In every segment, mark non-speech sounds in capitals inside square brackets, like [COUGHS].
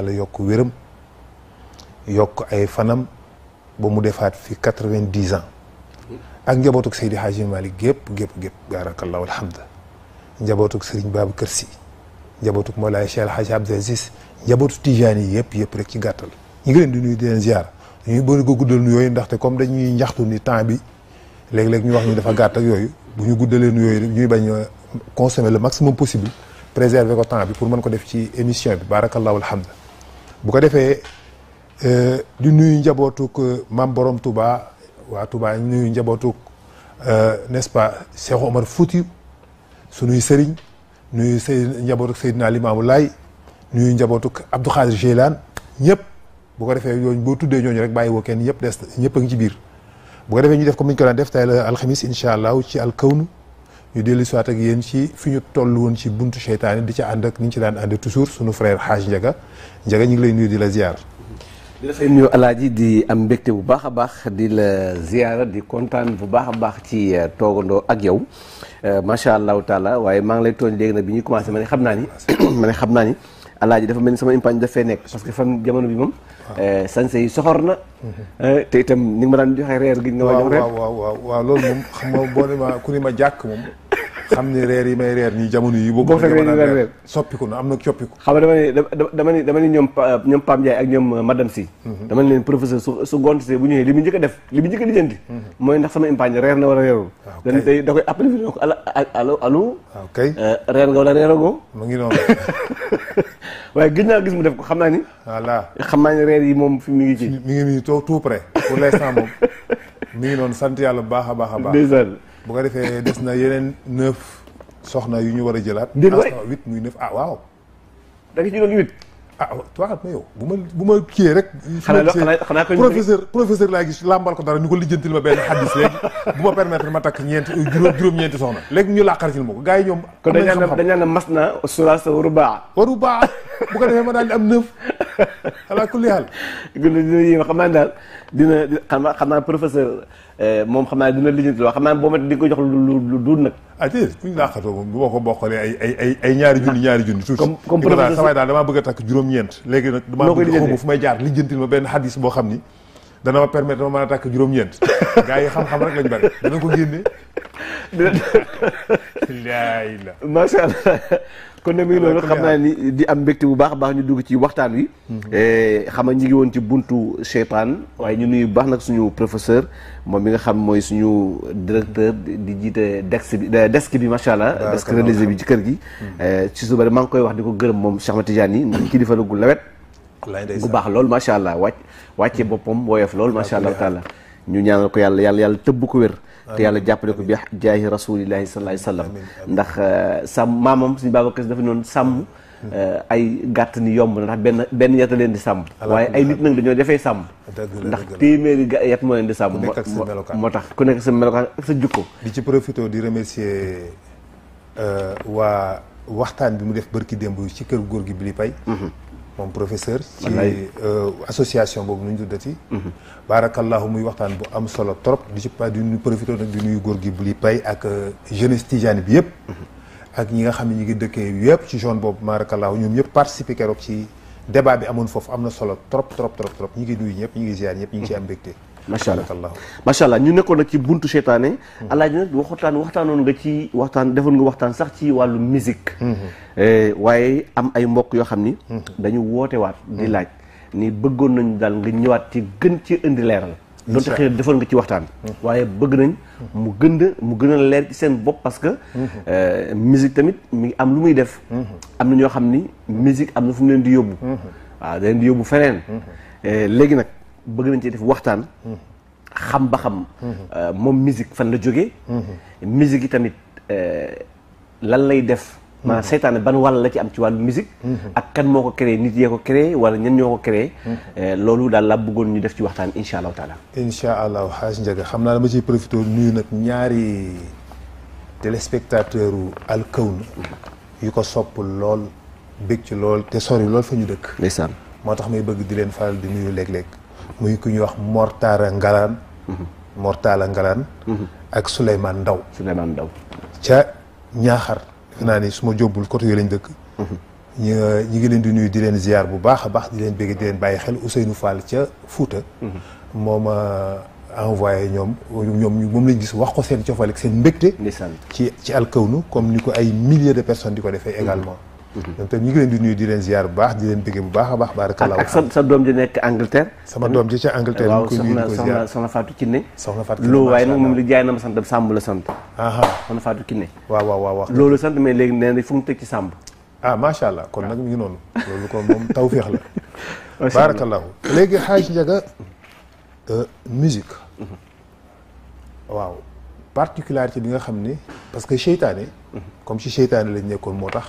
yàlla yokk wéram yokk ay fanam ba mu defaat fi quatre-vingt-dix ans ak njabootuk Seydi Hadji Malick gépp gépp gépp baarakallahu alhamda njabootuk Serigne Babacar Sy njabootuk Mawlaay Cheikh Hadji Abdou Aziz njabootu Tijaan yi yëpp yëpp rek ci gàttal ñu ngi leen di nuyu di leen ziar dañuy bëri ko guddal nu yooyu ndaxte comme dañuy njaxtu ni temps bi léeg-léeg ñu wax ñu dafa gàtt ak yooyu bu ñu guddalee nu yooyu ñuy bañ consommer le maximum possible préserver ko temps bi pour mën ko def ci émission bi baarakallahu alhamda bu ko defee euh, di nuyu njabootuk euh, maam borom tubaa waa Touba nuyu njabootuk euh, n'est-ce pas Cheikh Omar Fouti sunuy sëriñ nuyu say njabootuk Seydina Limaamu Laay nuyu njabootuk Abdou Khadir Jeylaan ñëpp bu ko defee ñooñu boo tuddee ñooñu rek bàyyi woo kenn ñëpp des ñëpp a ngi ci biir bu ko defee ñu def comme ni ñu ko daan def tay la alxamis incha allahu ci alkawnu ñu dellu siwaat ak yéen ci fi ñu toll woon ci buntu cheytaani di ca ànd ak ni ñu ci daan ànd toujours sunu frère xaaj njaga njaga ñu ngi lay nuyu di la ziar di la nuyu alaaji di am mbégte bu baax a baax di la ziara di kontaan bu baax a baax ci euh, toogandoo ak yow euh, macha allahu taala waaye maa ngi lay tooñ léegi nag bi ñuy commencé ma ne xam naa ni [COUGHS] ma ne xam naa ni alaaji dafa mel ni sama impagne daf fee nekk parce que fan jamono bi moom euh, sanse yi soxor na mhm. te itam ni nga ma daan joxe reer gi nga ma jox reer waaw waaw waaw loolu moom xam nga boo ne ma ku ni ma jàkk moom xam ni reer yi may reer nii jamono yi. boo fekkee ñu reer soppiku na am na coppiku. xam nga dama ne dama dama ne ñoom ñoom Pape Ndiaye ak ñoom madame si mhm. dama ne su su gont bu ñëwee li mu njëkk def li mu njëkk a lijjanti. Mhm. mooy ndax sama impaañ reer na wala reerul. waaw ah, kay dañu tey da koy appelé fi ñu ko ala allo allo. waaw ah, kay euh, reer nga wala reeragoo. mu ngi noonu. [LAUGHS] naa gis mu def ko xam naa ni. voilà xam naa ne reer yi moom fi mi ngi ci. mi ngi nii tout tout près pour l'instant moom mi ngi noonu sant yàlla bu baax a baax a baax. bu ko defee des na yeneen neuf soxna yu ñu war a jëlaat. ndéem waay instant huit muy neuf ah waaw. da nga ci doon huit. ah waaw mais yow bu ma bu ma kiiyee rek. xanaa professeur professeur laa gis làmbal ko dara ñu ko lijjantil ma benn xaddis léegi bu ma permettre ma takk ñeenti euh, juróom-ñeenti soxna léegi ñu laa xaritil ma ko gars yi ñoom. am nañu xam kon dañu naan mas na sulaasa wa rubaa. wa rubaa bu ko defee ma daal di am neuf ala kulli haal. gën a dina xam naa daal dina xam naa professeur. Euh, moom xam naa dina lijjanti loo xam naa boo ma di ko jox lu lu duun nag ah tey kuñ laaxatoo moom bu ma ko bokkalee ay ay ay ay ñaari junni ñaari junni tuuti comme daal samay daal damaa bëgg a takk juróom-ñeent léegi nag damaa bëgg xawma fu may jaar lijjantil ma benn hadis boo xam ni dana ma permettre ma mën a takk juróom-ñeent [LAUGHS] gaa yi xam-xam rek lañ bari dana ko génne laay la macha allah kon nag mi ngi loolu xam naa ni di am mbégte bu baax a baax ñu dugg ci waxtaan wi. Eh, xam nga ñu ngi woon ci buntu Seytaane waaye ñu nuyu baax nag suñu professeur moom mi nga xam mooy suñu directeur di jiite desk bi eh, desk bi macha allah. desk réalisé bi ci kër gi. Eh, ci suba maa ngi koy wax di ko gërëm moom Cheikh Mati Diagne ndax kilifa la gu lawet gu baax lool macha allah wàcc wàcce boppam woyof lool macha allah taala ñu ñaanal ko yàlla yàlla yàlla tëbb ko wér te yàlla jàppale ko bi jaahi rasulillahi sallallahu alayhi wasallam ndax euh, sàmm maamam suñu Babacar Sy dafa noonu sàmm mm. euh, ay gàtt ni yomb na ndax benn benn yet a leen di sàmm waaye ay nit nag dañoo defee sàmm ndax téeméeri yet moo leen di sàmm moo tax ku nekk sa melokaan ak sa jukko di ci profité di remercier euh, waa waxtaan bi mu def bërki démb ci kër góor gi bi Bili Pay mm-hmm. moom professeur ci euh, association boobu nu ñu tuddati mhm. baarakallahu muy waxtaan bu am solo trop di ci pas di ñu profité nag di góor gi bu li pay ak euh, jeunesse tijane bi yëpp mhm. ak ñi nga xam ne ñi ngi dëkkee yëpp ci zone boobu baarakallahu ñoom ñëpp participé keroog ci débat bi amoon foofu am na solo trop trop trop trop ñi ngi nuyu ñëpp ñi ngi ziar ñëpp ñi ci am mbégte macha allah macha allah ñu nekkoon nag ci buntu seytaane alaaji nag waxtaan waxtaanoon nga ci waxtaan defoon nga waxtaan sax ci wàllu musique mm-hmm. eh, waaye am ay mbokk yoo xam ni mm-hmm. dañu woote waat di mm-hmm. laaj ni bëggoon nañu daal nga ñëwaat ci gën ci indi leeral donte xëy defoon nga ci waxtaan waaye bëgg nañ mu gën a mu gën a leer ci seen bopp parce que eh, musique tamit mi ngi am lu muy def am na ñoo xam ni musique am na fu mu leen di yóbbu waaw da di yóbbu feneen eh, léegi nag bëgg nañ ci def waxtaan xam ba xam euh, moom musique fan la jógee musique yi tamit euh, lan lay def maanaam seytaane ban wàll la ci am ci wàllu musique ak kan moo ko créé nit yee ko créé wala ñen ñoo ko créé euh, loolu daal la bëggoon ñu def ci waxtaan insha allahu taala insha allahu xaaj njaga xam naa dama ciy profité nuyu nag ñaari téléspectateur u alkawn yu ko sopp lool bég ci lool te sori lool fa ñu dëkk ndeysaan moo tax may bëgg di leen faral di nuyu léeg-léeg muy ku ñuy wax Mortara Ngalaan mm-hmm. Mortala Ngalaan mm-hmm. ak Souleymane Ndaw Souleymane Ndaw ca ñaaxar defe naa ni su ma jóbbul côté yooyu lañ dëkk mm-hmm. ñu euh, ñi ngi leen di nuyu di leen ziar bu baax a baax di leen bëgg di leen bàyyi xel nu Fall ca Fuuta moom envoyé ñoom ñoom moom lañ gis wax ko seen cofale ak seen mbégte ci ci alkawnu comme ni ko ay milliers de personnes di ko defee également ñoom mm-hmm. tam ñu ngi leen di nuyu di baax di leen bëggee bu baax a baax baarakallah ak sa doom di nekk Angleterre sama doom ji ca Angleterre waaw soxna soxna Fatou Kiné soxna Fatou Kiné loolu waaye nag moom ma santam Samb la sant aa soxna Fatou Kiné waaw waaw waaw mais léegi nee na fu mu teg ci Samb ah macha allah kon nag mi ngi noonu loolu kon moom tawféex la [LAUGHS] baarakallahu léegi xaaj njaga euh, musique mm-hmm. waaw particularité bi nga xam ni parce que seytaane mm-hmm. comme si seytaane lañ nekkoon moo tax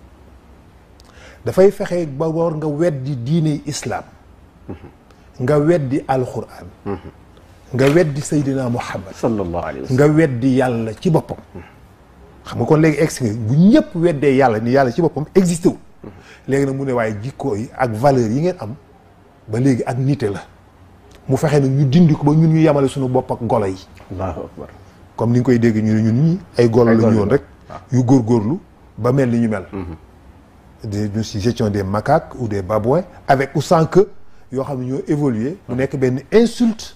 dafay fexe ba woor nga weddi diine islaam nga weddi alquran nga weddi saydina muhammad sallallahu alayhi wa sallam nga weddi yàlla ci boppam xam nga kon léegi egsi bu ñëpp weddee yàlla ni yàlla ci boppam existé wu léegi nag mu ne waaye jikko yi ak valeur yi ngeen am ba léegi ak nite la mu fexe nag ñu dindi ko ba ñu ñu yemale suñu bopp ak golo yi comme ni nga koy dégg ñu ne ñun ñi ay golo la ñu rek yu góorgóorlu ba mel ni ñu mel mm-hmm. des ñun gestion des macaques ou des babouins avec ou sans queue il aura mieux évolué évoluer n'est nekk insulte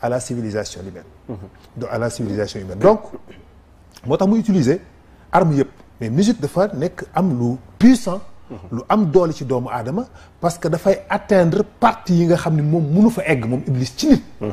à la civilisation humaine mhm. donc à la civilisation humaine donc moi tax mu utiliser arme yëpp mais de dafa n'est am lu puissant mhm. lu am doole ci doomu adama parce que fay atteindre partie yi nga xamni mom munu fa egg mom iblis ci nit mhm.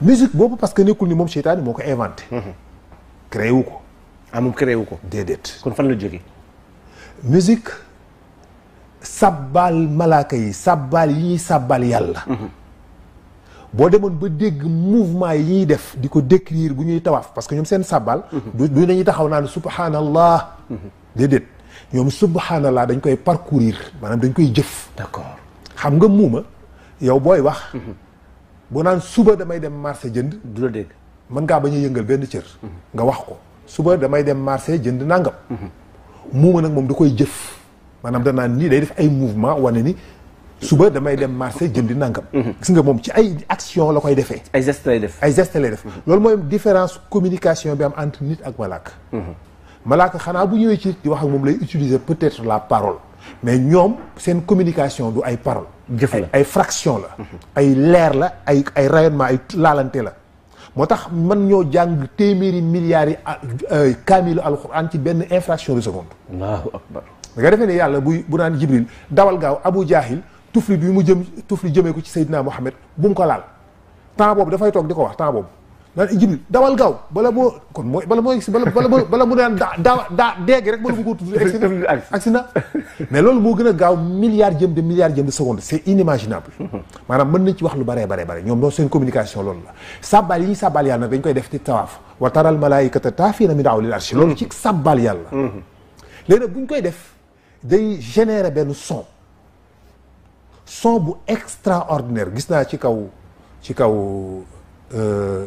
musique boobu parce que nekkul ni moom seytaane moo ko inventé mhm. créé wu ko ah moom créé wu ko déedéet kon fan la jógee musique sàbbaal malaaka yi sàbbaal yi ñuy sàbbaal yàlla mhm. boo demoon ba dégg mouvement yi ñuy def di décrire bu ñuy tawaaf parce que ñoom seen sàbbaal mhm. du dañuy taxaw naan subhanallah dedet. ñoom subhanallah dañ koy parcourir maanaam dañ koy jëf d'accord xam nga muuma yow booy wax bonan naan suba damay dem marché jënd. du la dégg mën ngaa bañ a yëngal benn cër. Mhm. nga wax ko suba damay dem marché jënd nangam. Mhm. muuma nak mom da koy jëf maanaam danaan nii day def ay mouvement wane ni suba damay dem marché jëndi nangam. Mhm. gis nga mom ci ay action la koy defee. ay gestes lay def ay gestes lay def. loolu mooy différence communication bi am entre nit ak malaaka. malaaka xana bu ñëwee ci di wax ak mom lay utiliser peut-être la parole. mais ñoom seen communication du ay parole jëf la ay fraction la ay leer la ay ay rayonnement ay laalante la moo tax man ñoo jàng téeméeri milliards yi euh, al alxuraan ci benn infraction de seconde allahu akbar da nga defee ne yàlla buy bu naan jibril dawal gaaw abu jaahil tufli bi mu jëm tufli jëmee ko ci Seydina Mohamed bu mu ko laal temps boobu dafay toog di ko wax temps boobu naan jibril dawal gaaw bala moo kon mooy bala moo egsi bala bala bala mu daan daa daa daa rek bala mu ko tudd egsi [LAUGHS] agsi na mais loolu moo gën a gaaw milliard jëm de milliard jëm de seconde c'est inimaginable maanaam mën nañ ci wax lu baree baree bare ñoom noonu seen communication loolu la sàbbaal yi ñuy sàbbaal yàlla nag dañ koy def ci tawaaf wa taral malaayikata taafiina min hawlil arshi loolu ci sàbbaal yàlla léegi nag buñ koy def day générer benn son son bu extraordinaire gis naa ci kaw ci kaw euh,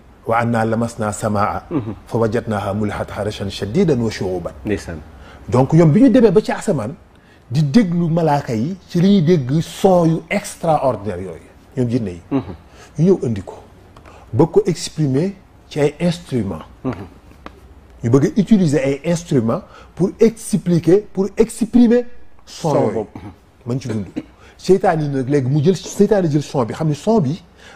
wa anna lamasna samaa mhm. fa wajadnaha mulihat harashan shadidan wa shuuban ndeysaan donc ñoom bi ñu demee ba ci asamaan di déglu malaaka yi ci li ñuy dégg son yu extraordinaire yooyu ñoom jinne yi mhm. ñu ñëw indi ko ba ko exprimer ci ay instrument mhm. ñu bëgg utiliser ay instrument pour expliquer pour exprimer son yooyu man ci dund seytaan yi nag léegi mu jël seytaan yi jël son bi xam ne son bi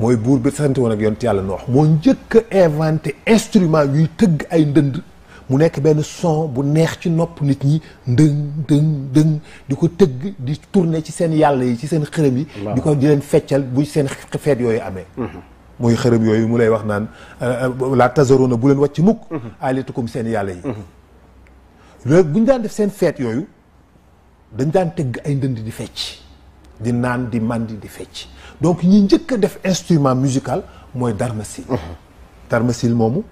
mooy buur bi sant woon ak yonent yàlla noox moo njëkk a inventé instrument yuy tëgg ay ndënd mu nekk benn son bu neex ci nopp nit ñi ndëng ndëng di ko tëgg di tourné ci seen yàlla yi ci seen xërëm yi di ko di leen feccal bu seen feet yooyu amee muy mhm. xërëm yooyu mu lay wax naan euh, euh, la tazaruna bu leen wàcc mukk mhm. alitukum seen yàlla yi mhm. léegi bu ñu daan def seen feet yooyu dañ daan tëgg ay ndënd di fecc di naan di mandi di fecc donc ñi njëkk a def instrument musical mooy darmasil mhm. darmasil moomu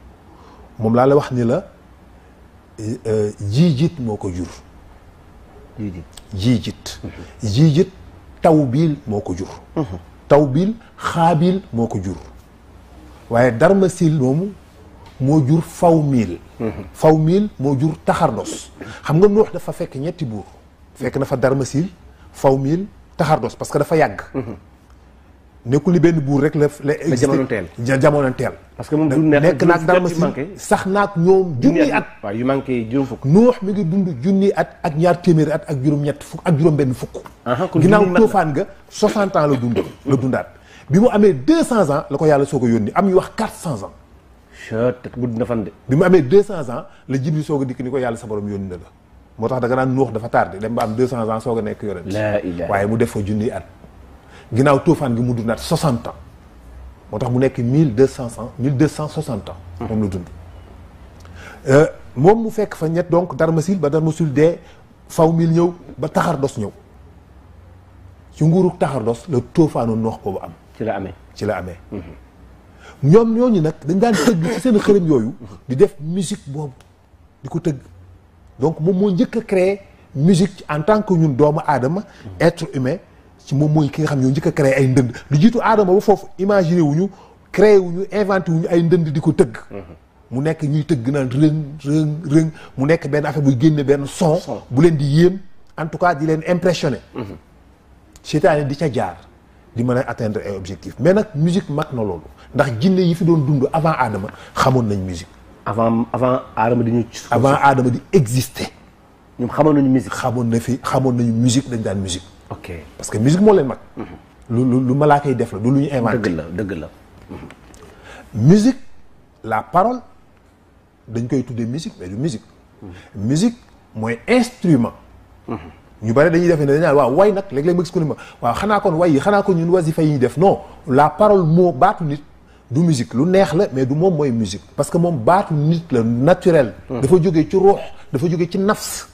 moom laa la wax ni la jiijit moo ko jur jiijit mhm. taw tawbiil moo ko jur mhm. tawbiil xaabil moo ko jur waaye darmasil moomu moo jur faw faw fawmiil moo jur taxardos xam nga noox dafa fekk ñetti buur fekk na fa darmasil fawmiil taxardos parce que dafa yàgg nekkul ni benn buur rek la la existé jamono teel jamono parce que moom du nekk naag dal ma si sax naag ñoom junni at waaw yu ngi dund junni at ak ñaar téeméeri at ak juróom-ñett fukk ak juróom-benn fukk ginnaaw toofaan nga soixante ans la dund la dundaat bi mu amee la ko yàlla soo ko yónni am ñu wax quatre cents ans gudd na fan de bi mu amee la Jibril soog a dikk ni ko yàlla sa borom yónni na la moo tax da naan nuux dafa tardé dem ba am deux cents ans soog a nekk yonent waaye mu def fa junni at ginaaw ans. 60 ans motax mu 1200 ans 1260 ans. mom lu dund. y euh, mu fekk fa donc Darmasil ba Darmasil Il faw mil ñew ba Il ñew ci ans. la y a am. ci la amé ci la Il ñom ñooñu nak dañ def musique bobu Il y donc mom mo créer musique en tant que ñun être humain. ci moom mooy ki nga xam ñoo njëkk a créé ay ndënd lu jiitu aadama ba foofu imaginer wuñu créé wuñu inventé wuñu ay ndënd di ko tëgg mhm. mu nekk ñuy tëgg naan rëng rëng mu nekk benn affaire bu génne benn son bu leen di yéem en tout cas di leen impressionné mhm. seytaane di ca jaar di mën a atteindre objectif mais nag musique mag na loolu ndax jinne yi fi doon dund avant adama xamoon nañ musique avant avant aadama di ñu avant aadama di exister ñoom xamoon nañu musique xamoon na fi xamoon nañu musique dañ daan musique ok parce que musique molle, leen mag. Mhm. lu lu lu défle, yi def la du lu ñu inventé. la dëgg la. Mhm. musique la parole dañ koy tuddee musique mais du musique. Mhm. musique mooy instrument. ñu bari dañuy def ne dañ Why waaw way nag léeg ma gis ko ni ma waaw xanaa kon way yi xanaa kon ñun yi def non la parole mot bat nit du musique lu neex la mais du moom mooy musique parce que moom bat nit le naturel. dafa jógee ci ruux dafa jógee ci nafs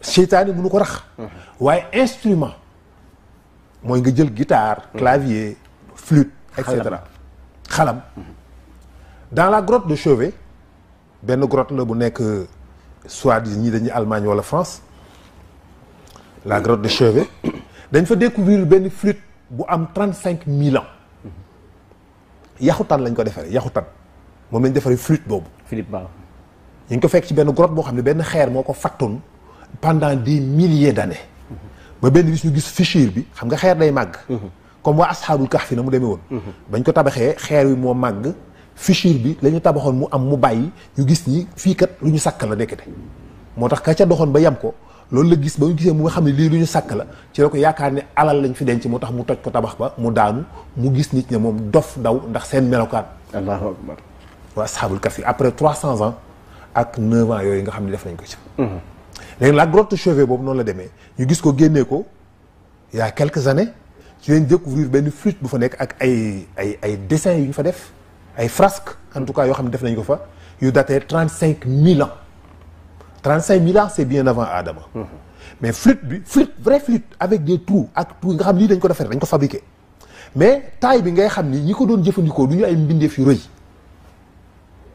seytaane mënu ko rax mhm. waaye instrument mooy nga jël guitare mhm. clavier flûte et cetera xalam mhm. dans la grotte de Chauvet benn grotte la bu nekk soit ñi dañuy Allemagne wala France la grotte de Chauvet [COUGHS] dañ fa découvrir benn flûte bu am trente cinq mille ans yaxutan lañ ko defaree yaxutan moom lañ defaree flûte boobu Philippe Ba ñu ngi ko fekk ci benn grotte boo xam ne benn xeer moo ko fattoon pendant des milliers d'années ba benn nous avons vu fichier bi xam nga xéer day màgg comme waa ashabul kahfi na mu demee won. bañ ko tabaxé xéer wi mo mag, fichier bi la tabaxone mu am mu bayyi, ñu gis ni fi kat luñu Là, la nekété. Motax ka ca ba yam ko loolu la mu la ci alal fi denc motax mu toj ko tabax ba mu mu dof daw ndax allahu akbar kahfi après 300 ans ak 9 ans yoy la grotte chevet bon, non la il y a quelques années ci viens découvrir une flûte bu fa dessins yu frasques en tout cas 35 xam ans 35 000 ans c'est bien avant Adam. Hum. mais flûte vraie flûte avec des trous ak tout nga xam a dañ ko mais taille bi ngay xam ni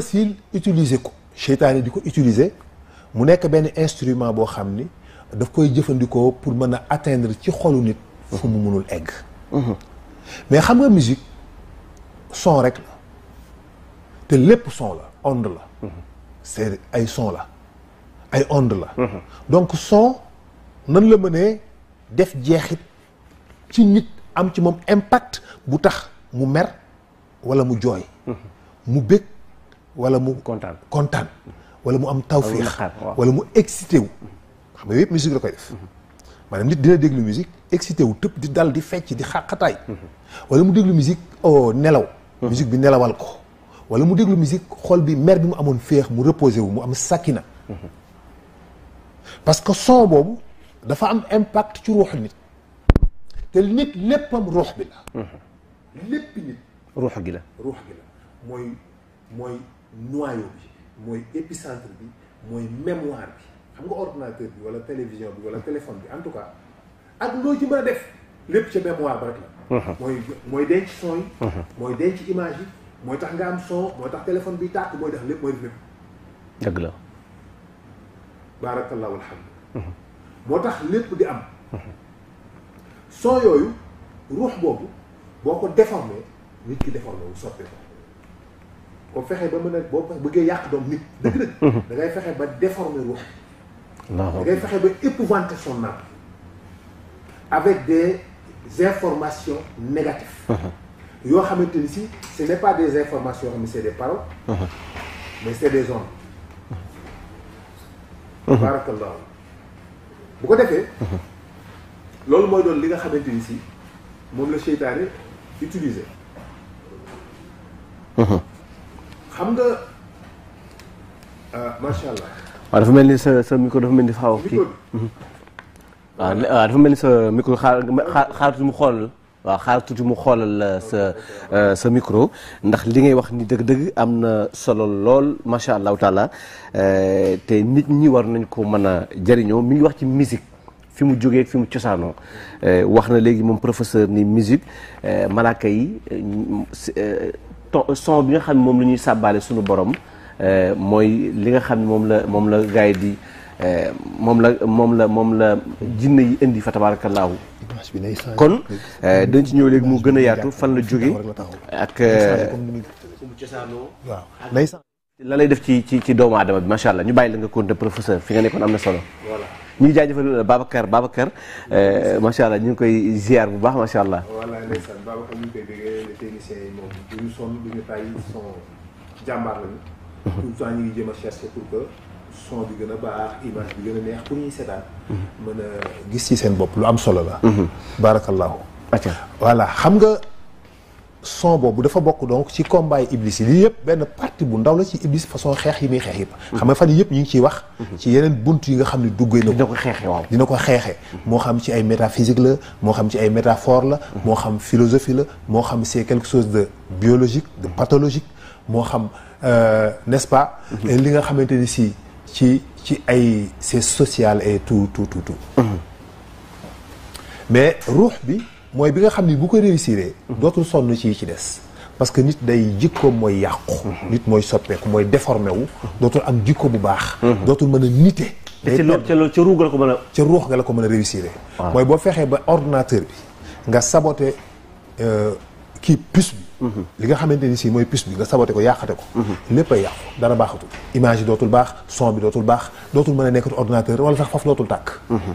s'il utiliser ko seytaane utiliser mu nekk ben instrument de xam daf koy pour mën atteindre ci nit egg mhm. mais xam musique son règle, de te la c'est son la donc son nan le mener, def jeexit ci nit impact mer wala wala mu kontaan wala mu am wala mu excité xam nga musique la koy def mhm. nit musique excité wu di dal di di xaqataay mhm. wala mu musique oh nelaw mhm. musique bi nelawal ko wala mu musique xol bi mer bi mu amoon mu reposé mu am parce que son boobu dafa am impact ci ruux nit te nit léppam ruux bi la lépp nit ruux la la noyau bi mooy épicentre bi mooy mémoire bi xam nga ordinateur bi wala télévision bi wala téléphone bi en tout cas ak loo ci mën a def lépp ca mémoire ba rek la uh-huh. mooy mooy denc son yi uh-huh. mooy denc image yi mooy tax nga am son mooy tax téléphone biy tàkk mooy tax mooy def lépp dëgg la baarakallahu alhamdu uh-huh. moo tax lépp di am son yooyu ruux boobu boo ko déformé nit ki déformé wu soppee ko boo fexe ba mën a boo bëggee yàq doom nit dëgg-dëgg mhm. da ngay fexe ba déformer ruux da ngay fexe ba épouvanter son âme avec des informations négatives mhm. yoo xamante ni si ce n'est pas des informations mais xam ne c'est des paroles mhm. mais c'est des ondes barakallahu bu ko defee loolu mooy doon li nga xamante ni si moom la seytaane utiliser xam nga ah, macha allah. waaw dafa mel ni sa sa micro dafa mel ni xaw kii. Mhm. waaw mel ni sa micro xaar xaar tuuti mu xool waaw xaar mu xoolal euh, euh, sa micro ndax li ngay wax ni dëgg-dëgg am na solo lool macha allahu taala euh, te nit ñi war nañ ko mën a jëriñoo mi ngi wax ci musique fi mu jógee fi mu cosaanoo wax na léegi moom professeur ni musique malaaka yi. son bi nga xam ne moom la ñuy sàbbaale suñu borom euh, mooy li nga xam ne moom la moom la gaay di euh, moom la moom la moom la jinne yi indi fa tabaarakallaahu kon euh, dañ ci ñëw léegi mu gën a yaatu fan la jóge ak la lay def ci ci ci doomu aadama bi macha allah ñu bàyyi la nga compte professeur fi nga nekkoon am na solo ñu ngi jaajëfal euh, Babacar Babacar euh, macha allah ñu ngi koy ziar bu baax ñu ngi koy déggee les techniciens yi moom du ñu sonn du ñu tàyyi son jàmbaar lañu. Mhm. tout le temps ñu ngi jéem a chercher pour que bi gën a baax image bi gën a neex pour ñuy seetaan. Mhm. mën a gis ci seen bopp lu am solo la. Mhm. barakallahu. voilà xam nga. son boobu dafa bokk donc ci combat iblis li yeb ben parti bu ndaw la ci iblis façon xex yi muy xeex yëpp xam nga fan yeb ñu ci wax ci yenen buntu yi nga xam ne duggee na ko dina ko xeexee waaw dina ko xam ci ay métaphysique la mo xam ci ay métaphore la mo xam philosophie la mo xam c'est quelque chose de biologique de pathologique moi xam euh, n'est-ce pas li nga xamanteni ci ici, ci ci ay c'est social et tout tout tout tout mm-hmm. mais ruh bi mooy bi nga xam ni bu ko réussiree dootul sonn ci yi ci des parce que nit day jikkoom mooy yàqu nit mooy soppeeku mooy déformé wu dootul am jikko bu baax dootul mën a nite te ci loolu ca ko mën a ca ruux nga la ko mën a réussir mooy boo fexee ba ordinateur bi nga saboté euh, kii puce bi mhm. li nga xamante ni si mooy puce bi nga saboté ko yàqate ko mhm. lépp ay yàqu dara baaxatul image yi dootul baax son bi dootul baax dootul mën a nekkati ordinateur wala sax faf lootul tàkk mhm.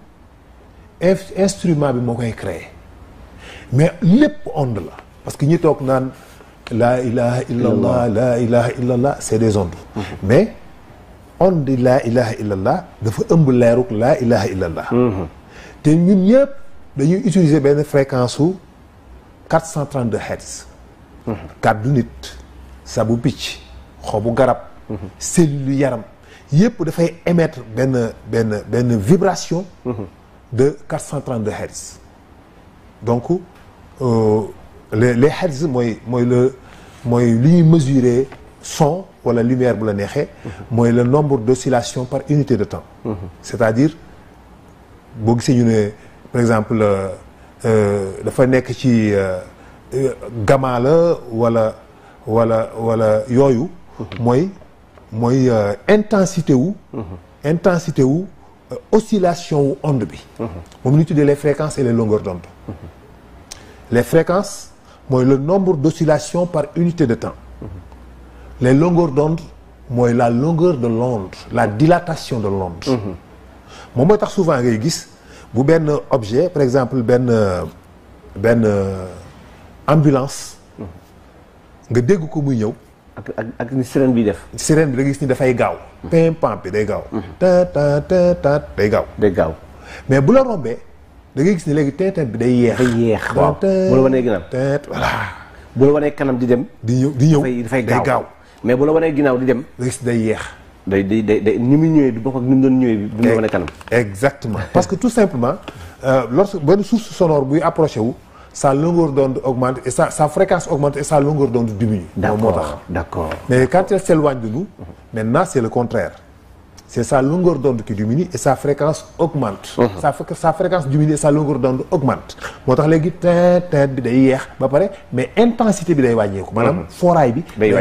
instrument bi moo koy créer mais lepp onde la parce que ñi tok nan "La ilaha illallah la ilaha illallah c'est des ondes mm-hmm. mais onde la ilaha illallah dafa ëmb leeruk la ilaha illallah mm-hmm. té ñun ñëpp dañuy utiliser ben fréquence 432 hertz mm-hmm. kàddu nit sabu picc xobu garab cellule yaram de fay émettre ben ben ben vibration de 432 Hz donc euh, les les Hz moi, mooy le mesurer son wala lumière bu la le nombre d'oscillations par unité de temps. Mhm. c'est-à-dire boo gisee ñu par exemple euh, euh, dafa nekk ci euh, gamma ou la wala wala wala yooyu. moi, mhm. mooy intensité wu. Mhm. intensité wu. Euh, oscillation ou onde bi. de mhm. la les fréquences et les longueurs d'onde. Mhm. les fréquences c'est le nombre d'oscillations par unité de temps. Mhm. les longueurs d'onde c'est la longueur de l'onde la dilatation de l'onde. mon Je tax souvent réglisse vous bu un objet par exemple ben ben ambulance ak ak ak ni sirène bi def. sirène bi da gis ni dafay gaaw. bi day gaw mhm. ta ta ta ta day gaw day gaw mais bu la rombé da ngay gis ni légui tintin bi day yéx yéx yeex waaw bu la wanee ginnaaw. voilà bu la wanee kanam di dem. di ñëw di ñëw day gaw mais bu la wanee ginnaaw di dem. da gis day yéx day day day ni mi ñëwee du bokk ak ni mu doon ñëwee. bu mu la wanee kanam. exactement parce que tout simplement euh lorsque benn source sonore buy approché wu sa longueur d'onde augmente et sa, sa fréquence augmente et sa longueur d'onde diminue. D'accord, d'accord. Mais quand elle s'éloigne de nous, maintenant c'est le contraire. C'est sa longueur d'onde qui diminue et sa fréquence augmente. Uh-huh. sa, sa, fréquence diminue et sa longueur d'onde augmente. Je tax léegi que teint bi day yeex mais intensité bi day Madame, la forêt bi day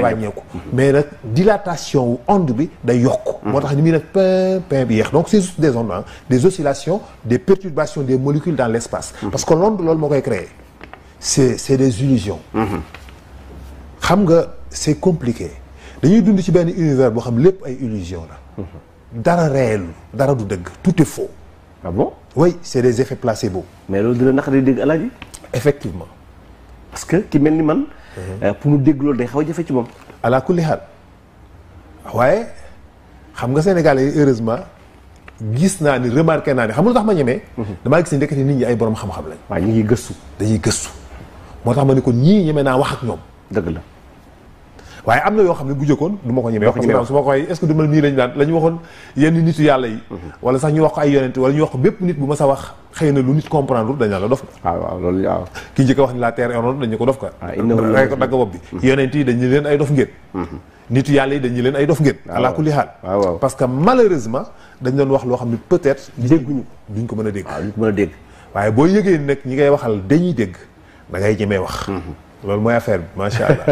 mais la dilatation ou l'onde est de yokk. Uh-huh. moo ñu donc c'est juste des ondes hein, des oscillations des perturbations des molécules dans l'espace. Uh-huh. parce que l'onde ce moo créer c'est c'est des illusions. Mhm. xam nga c'est compliqué dañuy dund ci benn univers boo xam lépp ay illusions la. Mhm. dara réel dara du dëgg tout est faux. ah bon oui c'est des effets placebo. mais loolu dina naka di dégg alaaji. effectivement. parce que ki mel ni man. Mhm. Euh, pour mu dégg loolu day xaw a jafe ci moom. ala kulli xaal waaye xam nga Sénégalais heureusement gis na ni remarqué na ni xam lu tax ma ñemee. dama gis ni ndekete nit ñi ay borom xam-xam lañ. waaw ñi gëssu dañuy gëssu moo tax ma ne ko ñii ñeme naa wax ak ñoom dëgg la waaye am na yoo bu jëkkoon du ma ko ñeme wax ñeme koy est ce du ma nii lañ daan la ñu yenn nitu yàlla yi mhm. wala sax ñu wax ay yonent wala ñu wax ko nit bu ma sa wax xëy lu nit comprendre dañ la dof nga ah, waaw loolu waaw kii njëkk wax ni la terre est ronde ko dof ka rey ko dagg bopp bi mhm. yonent yi dañu leen ay dof ngeen mhm. nitu yi leen ay dof ngeen ah, ala kulli ah, parce que malheureusement dañ doon wax peut être duñ ko duñ ko ñi ngay waxal dañuy da ngay jëmee wax. loolu mooy affaire bi macha allah.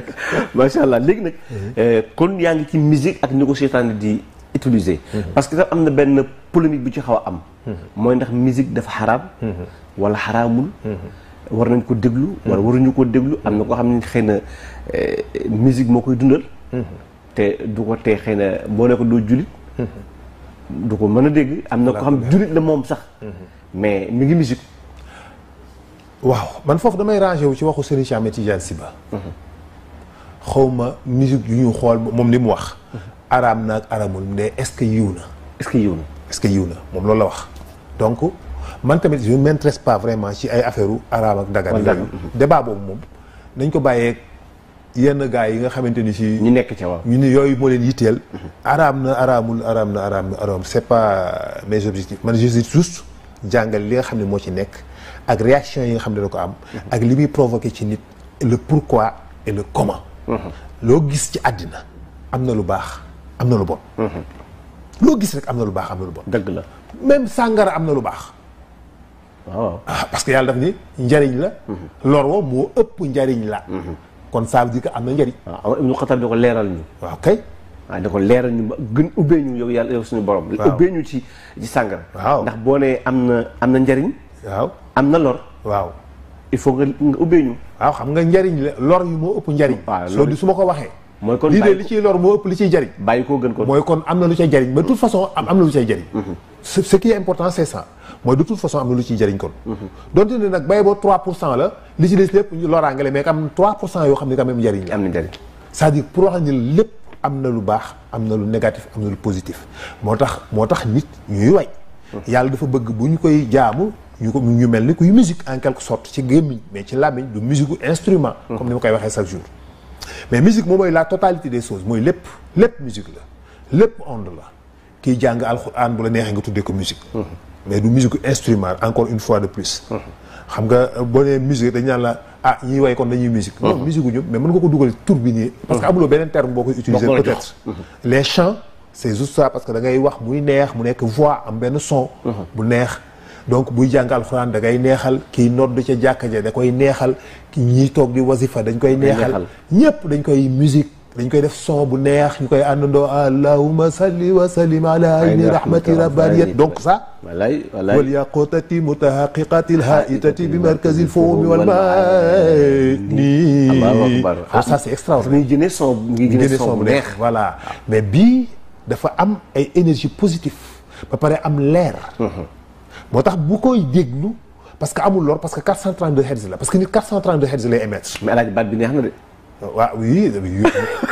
[LAUGHS] macha allah léegi nag. Eh, kon yaa ngi ci musique ak ni ko seytaane di utiliser. Mhm. parce que sax am na benn polémique bu ci xaw a am. Mhm. mooy ndax musique dafa xaraam. Mhm. wala xaraamul. war nañ ko déglu. walla waruñu ko déglu am na koo xam ne xëy na eh, musique moo koy dundal. te du ko te xëy na boo ne ko doo jullit. du ko mën a dégg am na ko xam jullit la moom sax. mais mu ngi musique. waaw man foofu damay rangé wu ci waxu Serigne Cheikh Ahmed Tidiane Sy Ba xawma musique yu ñu xool moom li mu wax araam na aramul mais est-ce que yuna, est-ce que yiw est-ce que yuna, na moom loolu wax donc man tamit je m'intéresse pas vraiment ci ay affaire u araam ak dagan yooyu mhm. débat boobu moom nañ ko bàyyee yenn gars yi nga xamante ni si ñu nekk ca waaw ñu ni yooyu moo leen yitteel mhm. araam na araamul araam na aram, na c'est pas mes objectifs man je dis juste jàngal li nga xam ne ci nekk ak réaction yi nga xamné ne am ak limi provoquer ci nit le pourquoi et le comment mm-hmm. lo gis ci adina amna lu bax amna lu bon mm-hmm. lo gis rek amna lu bax amna lu bon dëgg la même sangara amna lu bax waaw oh. ah, parce que yalla daf ni njariñ la mm-hmm. lor wo moo ëpp njariñ la kon ça veut dire que amna njariñ waaw am na ah, xatam di ko ñu waaw kay waaw ah, da ko leeral ñu gën ubbee ñu yow yalla yow suñu borom ubbee ñu ci ci sàngara ndax bo né amna amna njariñ waaw am na lor. waaw il faut nga nga ubbee xam nga njariñ la lor yi moo ëpp njariñ. waaw soo su ma ko waxee. mooy kon lii de li ciy lor moo ëpp li ciy jariñ. bàyyi ko gën ko mooy kon am na lu ciy jariñ mais de toute façon am am na lu ciy jariñ. Mm-hmm. ce qui est important c'est na lu ciy mm-hmm. ne nag bay boo 3 pour cent la li ci des lépp loraange la mais am 3 pour cent yoo xam ne quand même njariñ la. am na njariñ pour wax ni lépp am na lu baax am na lu négatif am na lu positif moo tax moo tax nit ñuy way. Mm-hmm. yàlla dafa bëgg bu ñu koy jaamu ñu ko ñu mel musique en quelque sorte ci gémmiñ mais ci làmmiñ du musique instrument mm. comme ni ma koy chaque jour mais musique moom mooy la totalité des choses mooy lépp lépp musique la lépp onde la kiy jàng alxuraan bu la neexee nga tuddee ko musique mm. mais du musique instrument encore une fois de plus mm. xam nga euh, boo nee musique dañ naan la ah ñiy way kon dañuy musique non musique ñu mais mën nga ko dugal tur parce que amuloo beneen terme boo koy utiliser peut-être mm-hmm. les chants c'est juste ça parce que da ngay wax muy neex mu voix en ben son mm-hmm. bu neex donc buy jàng alcorane da ngay neexal ki nodd ci jàkka ja da koy neexal ki ñi tok di wazifa dañ koy neexal ñëpp dañ koy musique dañ koy def son bu neex ñu koy àndandoo allahumma salli wa sallim ala ayni rahmati rabbaniyat donc ça walay walay wal yaqutati mutahaqiqati ha'itati bi markazi alfumi wal mani ah ça c'est extraordinaire muy jëne son muy jëne son bu neex voilà mais bii dafa am ay énergie positive ba pare am leer moo tax bu koy déglu parce que amul lor parce que 432 hertz la parce que nit 432 hertz lay émettre. mais alaaj baat bi neex na de. waaw oui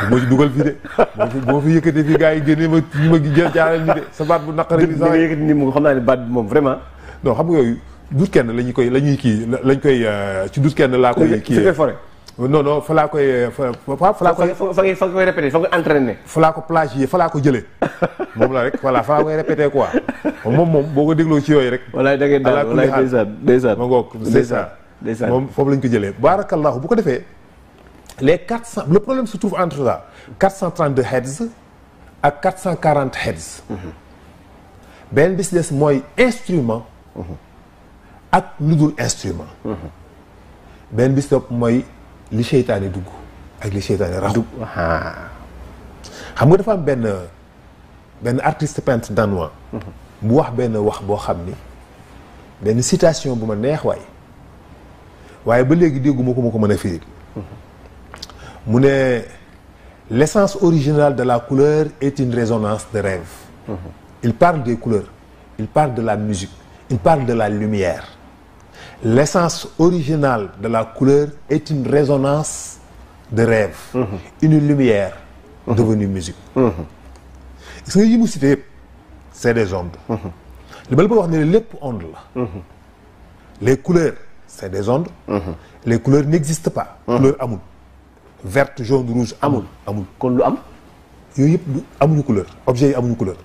moo ci dugal fii de moo fi yëkkatee fii gars génne ma ñu ma jël jaaral ni de sa baat bu naqare bi sax yëkkati ni mu xam naa ne baat bi moom vraiment non xam nga yooyu dut kenn la ñu koy la ñuy kii lañ koy euh, ci dut kenn laa koy kii forêt non non fa laa koy fa fa fa laa koy. fa fa koy répété fa koy entraîné. [LAUGHS] fa laa ko plagier fa laa ko jëlee mom la rek voilà fa laa répéter quoi mom mom boko ko ci yoy rek. walaay da ngay ngeen daal walaay ndeysaan ndeysaan ma ngoog ndeysaan mom foofu lañ ko jëlee. baarakallahu bu ko défé les 400 le problème se trouve entre là 432 heads à 440 heads ak quatre cent quarante hertz. Mhm. benn bis des mooy instrument. Mhm. ak lu dul instrument. Mhm. benn bis topp li seytaane dugg ak li seytaane raxu ah. xam nga dafa am benn benn artiste peintre danois mhm. mu wax benn wax boo xam ni benn citation bu ma neex waay waaye ba léegi dégguma ko ma ko mën a firi mhm. mu l'essence originale de la couleur est une résonance de rêve mhm. il parle des couleurs il parle de la musique il parle de la lumière L'essence originale de la couleur est une résonance de rêve, mhm. une lumière mhm. devenue musique. Ce que je citez, c'est des ondes. Mhm. les Les couleurs, c'est des ondes. Les couleurs n'existent pas. Couleur amoul. Verte, jaune, rouge, amoul. Amoul. Quand le am? couleur. Objet couleur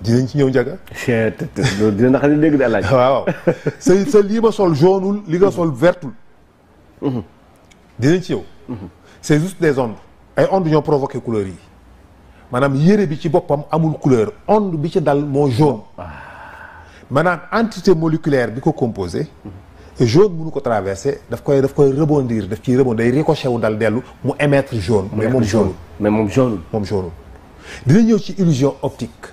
dinañ ci ñëw njaga loolu dina ndax xali dégg de alaaj waaw sa sa lii ma sol jaunul li nga sol vertul mhm. dinañ ci ñëw mhm. c'est juste des ondes ay ondes ñoo provoquer couleur yi maanaam yére bi ci boppam amul couleur onde bi ci dal moo jaune ah. maanaam entité moléculaire bi ko composé mhm. jaune mënu ko traversé daf koy daf koy rebondir daf ciy rebondir day ricochet wu dal dellu mu émettre jaune mais moom jaune mais moom jaune moom jaune dina ñëw ci illusion optique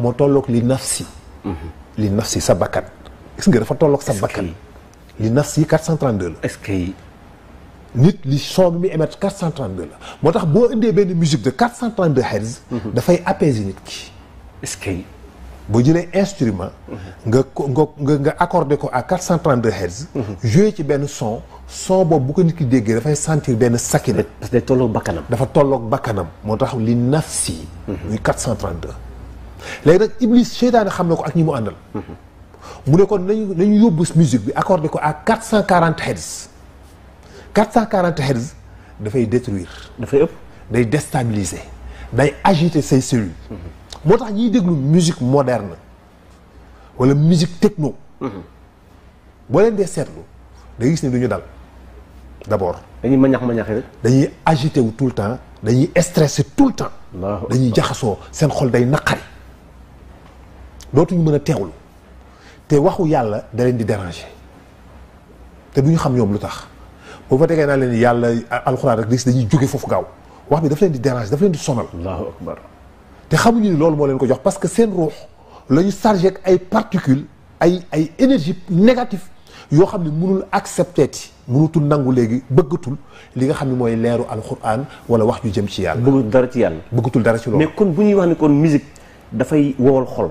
moo tolloog li nafsi mhm. li nafsi sa bakkan gis nga dafa tolloog sa bakkan li nafsi 432 est-ce que nit li son bi muy émettre 432 la moo tax boo indee benn musique de 432 hertz mhm. dafay apaiser nit ki est-ce que boo jëlee instrument mhm. nga nga nga accordé ko à 432 hertz jouer ci benn son son boobu bu ko nit ki déggee dafay sentir benn sakina parce que day tolloog bakkanam dafa tolloog bakkanam moo tax li nafsi 432 léegi nag Iblis seytaane xam na ko ak ñi mu àndal. mu ne kon nañu nañu yóbbu musique bi accordé ko à 440 Hz. 440 Hz, hertz dafay détruire. dafay ëpp day déstabiliser day agiter say cellules. moo tax ñiy déglu musique moderne wala musique techno. boo leen dee seetlu day gis ne du ñu dal d' abord. dañuy mañax mañax rek. dañuy agité wu tout le temps dañuy stresser tout le temps. dañuy jaxasoo seen xol day naqari. dootuñu mën a teewlu te waxu yàlla da leen di déranger te bu ñu xam ñoom lu tax boo fa tegee naa leen yàlla alxuraan rek gis dañuy jóge foofu gaaw wax bi daf leen di déranger daf leen di sonal. allahu akbar te xamuñu ni loolu moo leen ko jox parce que seen ruux la ñu chargé ak ay particules ay ay énergie négative yoo xam ne mënul accepter ti mënutul nangu léegi bëggatul li nga xam ne mooy leeru alxuraan wala wax ju jëm ci yàlla. bëggatul dara ci yàlla. bëggatul dara ci loolu. mais kon bu ñuy wax ne kon musique dafay wowal xol.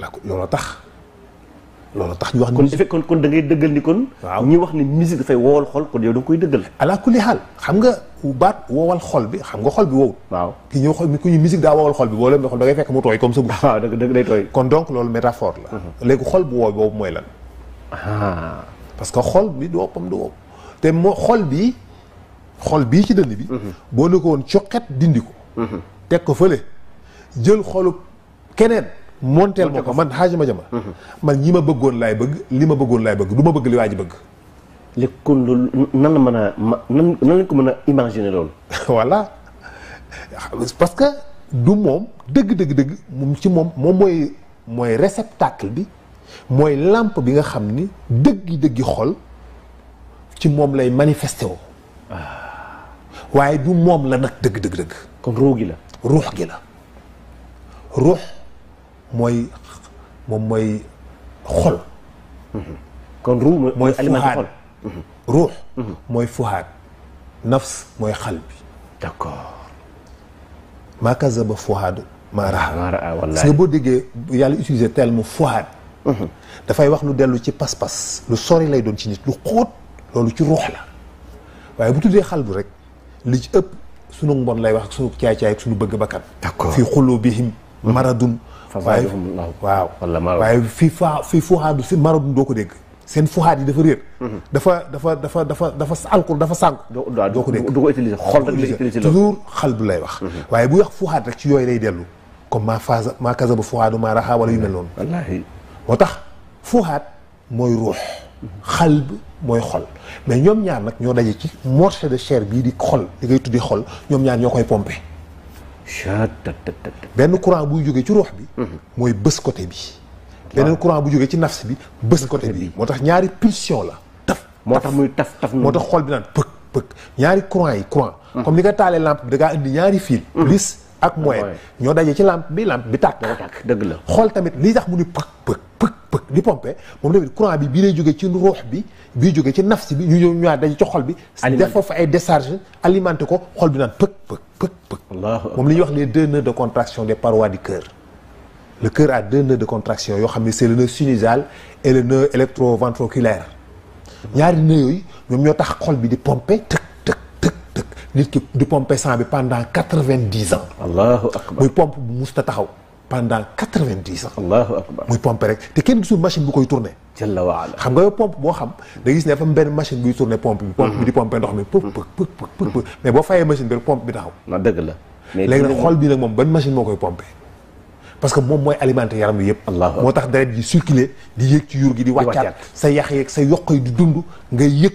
la looloo tax. loolu tax ñu wax kon su kon kon da ngay dëggal ni kon. waaw ñi wax ni musique dafay woowal xol kon yow da nga koy dëggal. ala kulli xaal xam nga baat woowal xol bi xam nga xol bi wowut. waaw ki ñëw xol ku ñu musique daa woowal xol bi boo leen xol da ngay fekk tooy comme sa gudd. [LAUGHS] waaw dëgg day tooy. kon donc loolu métaphore la. Mhm. léegi xol bu wow boobu mooy lan. Ah. parce que xol bi du woppam du wow. te moo xol bi xol bii ci dënn bi. Mhm. boo woon coqet dindi ko. Mhm. teg ko fële jël xolu keneen. moonteel ma ko man xaaji ma mhm. man ñi ma bëggoon laay bëgg li ma bëggoon laay du ma bëgg li waa ji bëgg léegi kon la mën a nan nan ko mën a imaginer loolu [LAUGHS] voilà parce que du moom dëgg dëgg moom ci moom moom mooy mooy réceptacle bi mooy làmp bi nga xam ni dëggi dëggi xol ci moom lay manifesté woo ah. waaye du moom la nag dëgg dëgg dëgg kon ruux gi la ruux gi la ruux mooy moom mooy xol. kon ruux mooy aliment xol ruux mooy fuhaad nafs mooy xalbi. d'accord. maa kazaba fuhaadu maa raa. maa raa wallaahi parce que boo déggee yàlla utiliser terme fuhaad. dafay wax lu dellu ci pas-pas lu sori lay doon ci nit lu xóot loolu ci ruux la waaye bu tuddee xalbu rek li ci ëpp sunu mbon lay wax ak sunu caay-caay ak sunu bëgg bakkan. d'accord fi xulubihim maradun fazaadahum allahu waaw wala marad waaye fii fa fii fuhaadu si maradun doo ko dégg seen fuhaad yi dafa réer dafa dafa dafa dafa dafa alqur dafa sànq doo ko dégg du ko utiliser xol rek lay utiliser toujours xal bu lay wax waaye buy wax fuhaad rek ci yooyu lay dellu comme maa faasa maa kasaba fuhaadu maa raxaa wala yu mel noonu wallaahi moo tax fuhaad mooy ruux xalb mooy xol mais ñoom ñaar nag ñoo daje ci morceau de chair bii di xol li ngay tuddee xol ñoom ñaar ñoo koy pompé benn courant buy jógee ci ruux bi mhm. mooy bës côté bi beneen courant bu jógee ci nafs bi bës côté bi moo tax ñaari pulsion la taf moo tax muy taf taf moo tax xool bi naan pëk pëk ñaari courant yi courant mhm. comme ni nga taalee lampe bi da indi ñaari fil mhm. plus ak moy ñoo dajé ci lampe bi lamp bi tak deug la xol tamit li tax mu ni pëk pek pek pek di pomper mom tamit courant bi bi lay joggé ci ruh bi bi joggé ci nafsi bi ñu ñu dajé ci xol bi. def foofu ay décharge alimenté ko xol bi pek pek pek pek pëk. moom li wax les deux nœuds de contraction des parois du cœur. le cœur a deux nœuds de contraction yo xam c'est le nœud sinusal et le nœud électroventriculaire. ñaari nœuds yooyu ñoom ñoo tax xol bi di pomper nit ki du pompe sang bi pendant 90 ans. allahu akbar muy pompe bu musta taxaw. pendant 90 ans. allahu akbar muy pompe rek te kenn gisul machine bu koy tourner jalla wa ala xam nga yo pompe bo xam da gis ne dafa ben machine bu tourné pompe bi. pompe bi di pompe ndox mi mais bo fayé machine bi rek pompe bi taxaw. na deug la mais léegi xol bi nak mom ben machine moo koy pompe. parce que mom moy alimenter yaram wi yëpp moo tax deret ji circuler di yëg ci yuur gi di wàccaat sa yax yeeg sa yokk yi di nga yëg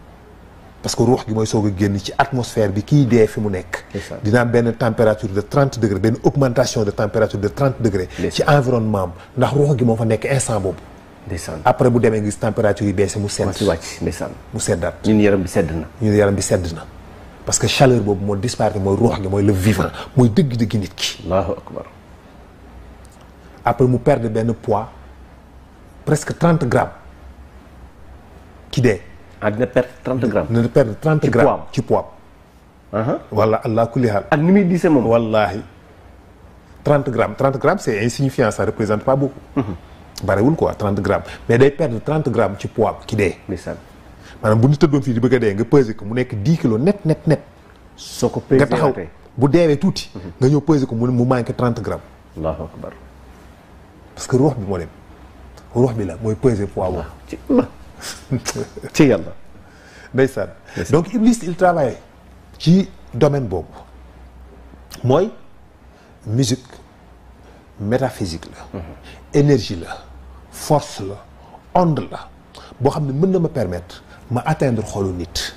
parce que roux qui m'a sauvé gagné ici atmosphère bi qui idée fait mon nez d'une une température de 30 degrés une augmentation de température de 30 degrés c'est environnement la roux qui m'a fait nez instant bob descend après vous demeurez température baisse mon sens tu vois descend mon sens date une heure bise d'une une parce que chaleur bob m'a disparu mon roux qui m'a le vivant mon dégueu de gagné ici après m'a perdu un poids presque 30 grammes qui dé ah dina perdre 30 grammes. dina perdre 30 grammes ci poids wala allah kulli haal. ak ni muy diisee moom. 30 grammes 30 grammes c'est insignifiant ça représente pas beaucoup. Mhm. barewul quoi 30 grammes mais day perdre 30 grammes ci poids ki dee. ndeysaan maanaam bu ñu tëddoon fii di bëgg a dee nga peser ko mu nekk 10 kilos net net net. soo ko pesee nga taxaw bu deewee tuuti. Mhm. nga ñëw peser ko mu manqué 30 grammes. allahu akbar. parce que ruux bi moo dem ruux bi la mooy peser poids boobu. [LAUGHS] ci yalla ndeysaan donc Iblis il travaille ci domaine bobu moy musique métaphysique la. Mhm. énergie la force la onde la bo xamné mën na ma permettre ma atteindre xolu nit.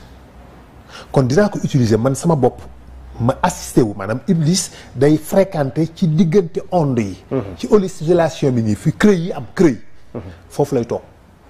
kon dinaa ko utiliser man sama bop ma assisté wu Iblis day fréquenter ci diggante onde yi. Mhm. ci oliste relation bi nii fi créé yi am créé mhm. fofu lay tok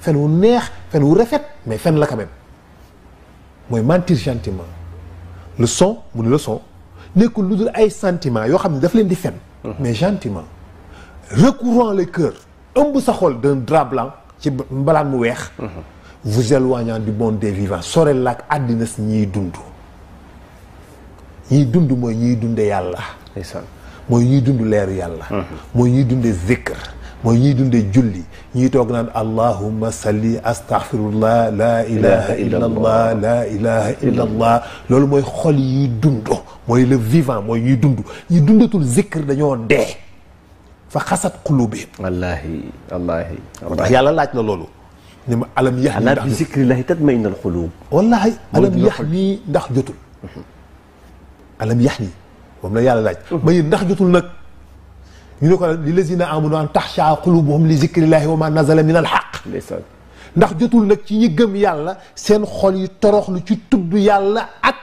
fen wu neex fen wu rafet mais fen la quand même moy mentir gentiment le son mu ne le son nekkul lu ay sentiment yo xamni daf leen di fen mhm. mais gentiment recourant le cœur ëmb sa xol d'un drap blanc ci mbalaan mu wex mhm. vous éloignant du bon des vivants sore laak àddina si ñiy dund ñiy dund mooy ñiy dunde yàlla moy ñiy l'air leeru yalla moy mhm. doudou dundé zikr mooy ñiy dundee julli ñiy toog naan allahumma salli astaghfirullah la ilaha illa allah la ilaha illa allah loolu mooy xol yi dund mooy le vivant mooy ñuy dund ñi dundatul zikr dañoo dee fa xasat qulubihim wallahi wallahi moo tax yàlla laaj la loolu ni ma alam yax ni ndax zikrillahi tatma'innul qulub wallahi alam yax nii ndax jotul alam yax nii moom la yàlla laaj ma yéen ndax jotul nag ñu ne ko li lazina amanu an taxsha qulubuhum li zikrillahi wa nazala min al xaq ndax jotul nak ci ñi gëm yàlla seen xol yi toroxlu ci tudd yàlla ak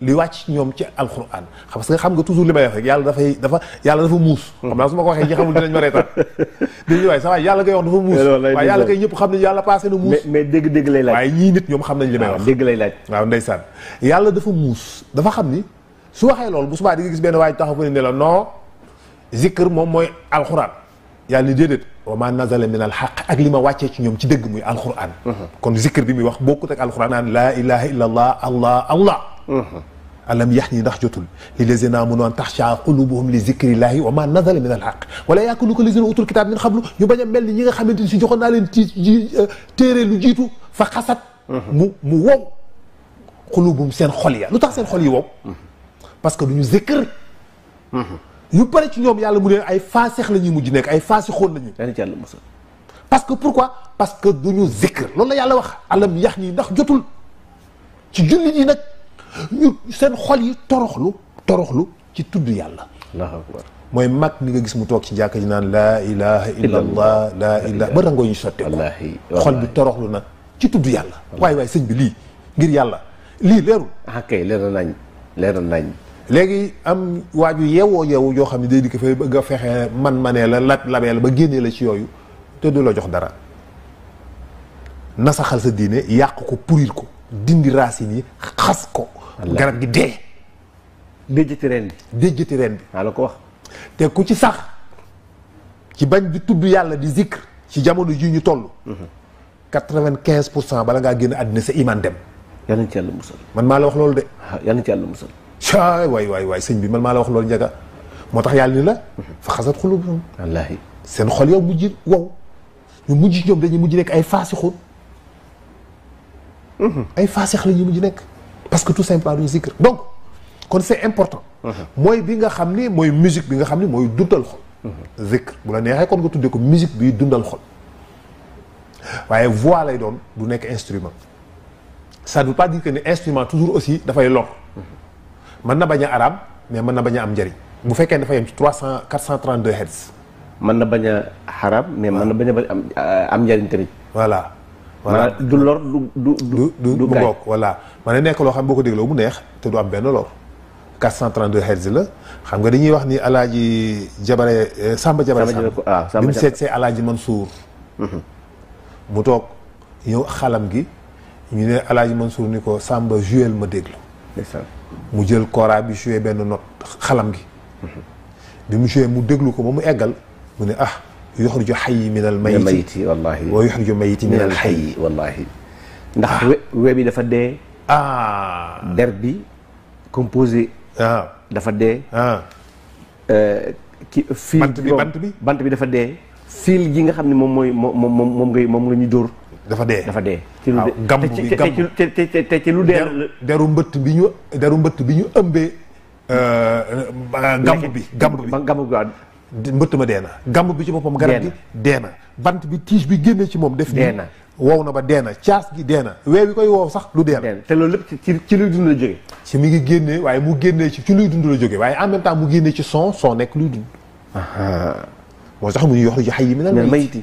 li wàcc ñom ci alquran xam nga xam nga toujours limay wax rek yàlla dafay dafa yàlla dafa mous xam na suma ko waxe ñi xamul dinañ ma reetaan dañuy waay sa waay yàlla ngay wax dafa mous wa yàlla kay ñëpp xam na yàlla passé na mous mais deug deug lay laaj way ñi nit ñom xam nañ limay wax deug lay laaj wa ndaysan yàlla dafa mous dafa xam ni su waxe lool bu suba di gis ben way taxaw ko ne la non ذكر موي القران يا لي ديدت وما نزل من الحق أجل ما واتي يوم نيوم سي القران كون ذكر بي مي واخ القران لا اله الا الله الله الله الم يحني نخجتل للذين امنوا ان تخشع قلوبهم لذكر الله وما نزل من الحق ولا ياكلوا كل ذين اوتوا الكتاب من قبل ني باجا مل نيغا خامتني سي جوخنا لين تيري لو جيتو مو مو قلوبهم سين خوليا لوتاخ سين خولي وو باسكو دونو ذكر yu bari ci ñoom yàlla mu leen ay faasex la mu mujj nekk ay faasixoon la ñu. daanaka ci yàlla mosal. parce que pourquoi parce que du ñu zikr loolu la yàlla wax alam yax nii ndax jotul ci jullit yi nag ñu seen xol yi toroxlu toroxlu ci tudd yàlla. mag ni nga gis mu toog ci jàkka ji naan laa ilaha illa allah ba rangoo ñu sotti ko xol bi toroxlu na ci tudd yàlla. waaye waaye sëñ bi lii ngir yàlla lii leerul. ah kay leer nañ leer léegi am waaju yeewoo yeewu joo xam ne day dikk fay bëgg a fexe man manee la la labee la ba génnee la ci yooyu te du la jox dara nasaxal sa diine yàq ko purir ko dindi racines yi xas ko garab gi dee déjjati reen bi déjjati reen bi waa la ko wax te ku ci sax ci bañ di tudd yàlla di zikr ci jamono ji ñu toll mhm. quatre vingt pour cent bala ngaa génn àddina sa iman dem yal na ci yàlla musal man maa la wax loolu de yal na ci yàlla chaay way way way seigne bi man maa la wax loolu njaga motax yalla ni la fa xasat xulubuhum wallaahi seen xol yow mujj wow ñu mujj ñom dañuy mujj nek ay faasixoon mhm. ay fasikh la ñu mujj nek parce que tout simplement duñu zikr donc kon c'est important moy mhm. bi nga xamni moy musique bi nga xamni moy mooy dundal xol mhm. zikr bu la nexé kon nga tuddee ko musique bi dundal xol waye voix lay doon du nek instrument ça ne veut pas dire que ne instrument toujours aussi fay lor mën na bañ a araam mais mën na baña am njëriñ bu fekkee dafa yem ci trois cent quatre cent trente deux hertz. mën na bañ a xaraam mais mën na bañ a am euh, am njëriñ tamit. voilà. voilà du lor du du du gaañ voilà man na nekk loo xam boo ko dégloo mu neex te du am benn lor. 432 hertz la xam nga dañuy wax ni alaaji jabare euh, Samba jabare ko waaw Samba ah, seet see alaaji Mansour mhm. mu toog ñëw xalam gi ñu ne alaaji Mansour ni ko Samba juel ma déglu. mu jël kora bi joué ben note xalam gi bi mu joué mu déglu ko ba egal mu ne ah yuxruju hayy min al mayit wallahi wa yuxruju mayit min al hayy wallahi ndax we bi dafa dé ah der bi composé ah dafa dé dee ki fil bi bant bi bant bi dafa dé fil gi nga xamni mom moy mom mom mom ngay mom lañu dor dafa dee dafa dee. ci lu dee te te ci lu dee. deru mbëtt bi ñu deru mbëtt bi ñu ëmbee. Euh, euh, gamb bi gamb bi gamb bi mbëtt ma dee na. gamb bi ci boppam garab gi dee na. bant bi tiige bi génnee ci moom. def nii wow na ba dee na caas gi dee na wee wi koy wow sax lu dee na. te loolu lépp ci ci luy dund la jógee. ci mi ngi génnee waaye mu génnee ci ci luy dund la jógee waaye am na temps mu génnee ci son son nekk luy dund. moo tax mu ñu yox lu ne xay yi mi naan.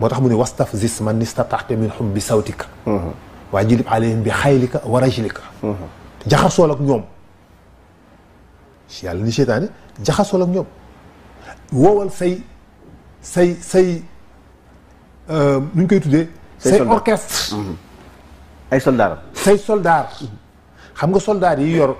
moo tax mu ne wastafzis man istataxta minhum bi sawtika waa jilib alayhim bi xaylika wa rajlika jaxasool ak ñoom si yàlla ni seytaane jaxasool ak ñoom woowal say say say nu ñu koy tuddee say orchestre ay soldaar say soldaar xam nga soldaar yi yor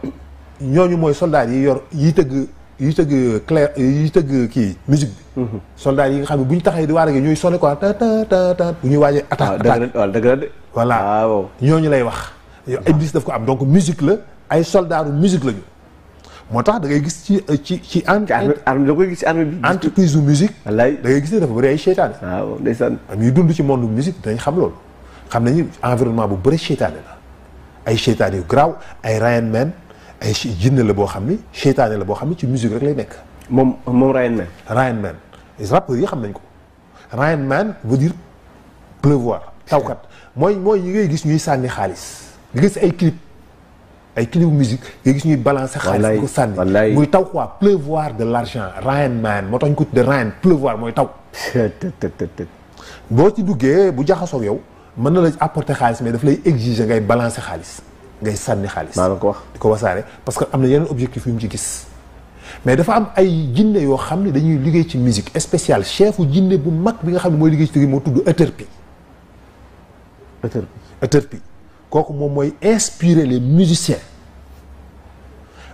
ñooñu mooy soldaar yi yor yi tëgg yu tëgg clair yu tëgg kii musique bi. Mhm. soldats yi nga xam ne bu ñu taxee di waar gi ñuy sonné quoi ta ta ta ta bu ñuy waajee attaque attaque waaw dëgg la voilà ah, ñooñu lay wax. yow Iblis daf ko am donc musique la ay soldaaru musique lañu. moo tax da ngay gis ci ci ci. en arme da koy gis ci arme bi. entreprise su musique. wallaay da ngay gis ne dafa bëri ay seytaane. Ah, waaw ndeysaan. ñuy dund ci monde musique dañ xam loolu. xam nañu environnement bu bëri seytaane la ay seytaane yu garaaw ay Rayen men ay jinne la boo xam ni la boo xam ci musique rek lay nekk. moom moom Ryan Man. Ryan Man rappeurs yi xam nañ ko Ryan Man veut dire pleuvoir tawkat mooy mooy ñi ngay gis ñuy sànni xaalis gis ay clip ay clip musique nga gis ñuy balancer xaalis ko sànni muy taw quoi pleuvoir de l'argent Ryan Man moo tax ko de Ryan pleuvoir mooy taw [LAUGHS] boo ci duggee bu jaxasoog yow mën la apporter xaalis mais daf lay exiger ngay balancer xaalis ngay sànni xaalis. maa la ko wax di ko wasaare parce que am na yeneen objectif yu mu ci gis. mais dafa am ay jinne yoo xam ne dañuy liggéey ci musique spéciale chefu jinne bu mag bi nga xam ne mooy liggéey ci tëgg moo tudd Euterpe. Euterpe Euterpe kooku moom mooy inspirer les musiciens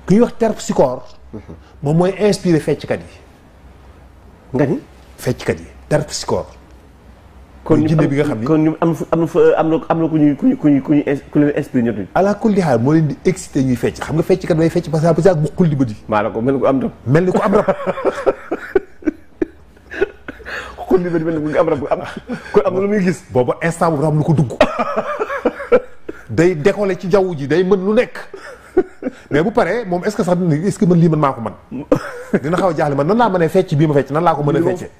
ku ñuy wax terpsichore. Mhm. moom mooy inspirer fecckat yi. nga ni fecckat yi terpsichore. kon jinne bi nga xam ni kon ñu am am na am na ku ñuy ku ñuy ku ñuy ku ñuy ku leen moo leen di excité ñuy fecc xam nga fecc kat day fecc parce que parce que bu xul di bëri. maa la ko mel ni ku am rab. mel ni ku am rab. [LAUGHS] xul di am rab lu muy gis. booba instant boobu am lu ko dugg. [LAUGHS] day décoller ci jaww ji day mën lu nekk. mais bu paree moom est ce que sax dina est ce lii man maa ko man [LAUGHS] dina xaw a jaaxle man nan laa mën a fecc bii ma fecc nan laa ko mën a fecce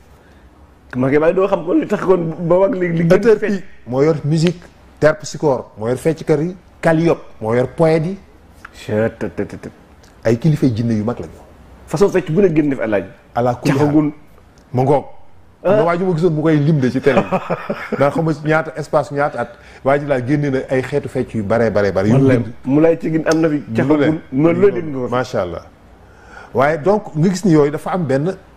Makeba doo xam kon li tax kon ba ak léegi. li gën a fecc moo yor musique terpsichore moo yor fecckat yi calliope moo yor poète yi. ay kilifay jinne yu mag lañu. façon fecc bu ne gën def alaaj. ala kulli ah. waa ji ma gisoon mu koy lim ci télé bi. [LAUGHS] ndax xam nga ñaata espace ñaata at. waa laa génne na ay xeetu fecc yu bare bare bare. yu mu lay ci am na fi. caxagul loolu lim nga ko macha allah. waaye donc nga gis ni yooyu dafa am benn.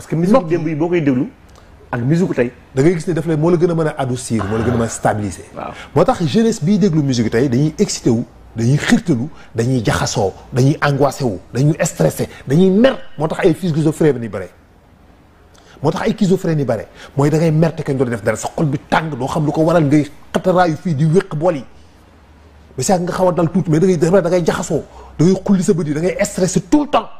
parce que musique démb yi boo koy déglu ak musique tey da gis ne daf lay moo la gën a mën a adoucir moo la gën a mën a stabiliser waaw moo tax jeunesse biy déglu musique tey wu dañuy xirtalu jaxasoo dañuy angoissé wu dañuy stressé dañuy mer moo tax ay schizophrène ni bare moo tax ay schizophrène yi bare mooy da ngay mer doo def dara sa xol bi tàng doo xam lu ko waral ngay xataraayu fii di wéq bool yi ba si nga xaw a da ngay da ngay jaxasoo da ngay xulli sa yi da ngay stressé tout temps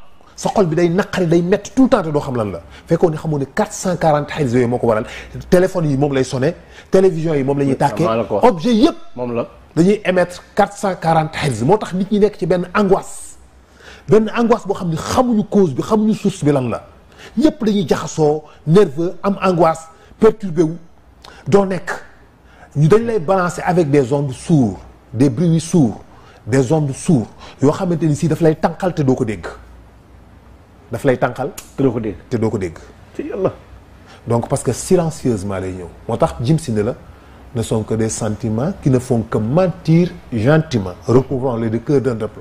sa xol bi day naqari day metti tout temps te doo xam lan la fekkoon ni xamoo ne 440 hertz yooyu moo ko waral téléphone yi moom lay sonné télévision yi moom la ñuy tàkkee objet yëpp moom la dañuy émettre 440 hertz moo tax nit ñi nekk ci benn angoisse benn angoisse boo xam ne xamuñu cause bi xamuñu source bi lan la ñëpp dañuy jaxasoo nerveux am angoisse perturbé wu doo nekk ñu dañ lay balancer avec des ondes sourdes des bruits sourds des ondes sourdes yoo xamante ni si daf lay tànqal te doo ko dégg daf lay tankal te de ko dégg. te doo ko ci yalla donc parce que silencieusement lay ñëw motax Jim sine la ne sont que des sentiments qui ne font que mentir gentiment recouvrant les deux cœurs d'un drap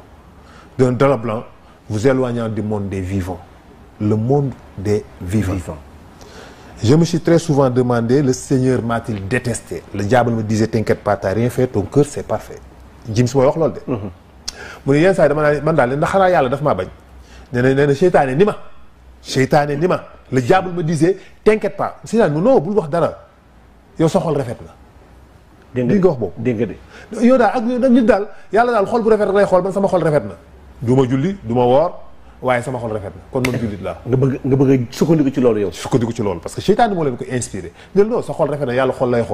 d'un drap blanc vous éloignant du monde des vivants le monde des vivants. Je me suis très souvent demandé le Seigneur m'a-t-il détesté le diable me disait t'inquiète pas t'as rien fait ton cœur c'est parfait Jim si Je wax suis de. je mm-hmm. ne yenn dit, yi dama naan man daal de daf ma bañ. Ne ne ne le diable me disait t'inquiète pas c'est mu non bul wax dara yow sa xol rafet de. dégg wax boobu dégg nga de yow daal ak yow nit daal tu xol bu rafet lay xool man sama xol rafet na du ma julli du ma ne sama xol rafet na kon man ne laa nga bëgg nga bëgg ne veux ci loolu yow tu ci loolu parce que seytaane moo ne ko inspirer. non sa xol rafet na yàlla xol lay ne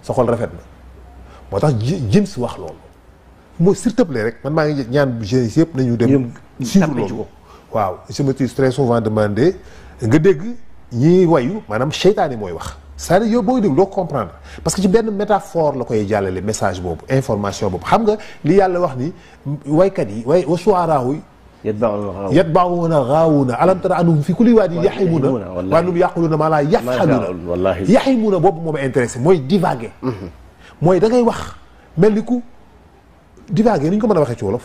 sa xol na ne wax s'il te plaît rek man ñaan suivre loolu waaw je me suis très souvent demandé nga dégg ñiy wayu maanaam seytaane mooy wax c'est-à-dire yow booy dégg doo comprendre parce que ci benn métaphore la koy jàllale message boobu information boobu xam nga li yàlla wax ni waykat yi way wa suaraahu yatbaawuna raawuna alam tara anhum fi kulli waadin yahimuuna wa annahum yaquuluuna maa laa yafaluuna yahimuuna boobu moo ma intéressé mooy divaguer mhm. mooy da ngay wax mel ni ku divaguer ni ñu ko mën a waxee ci wolof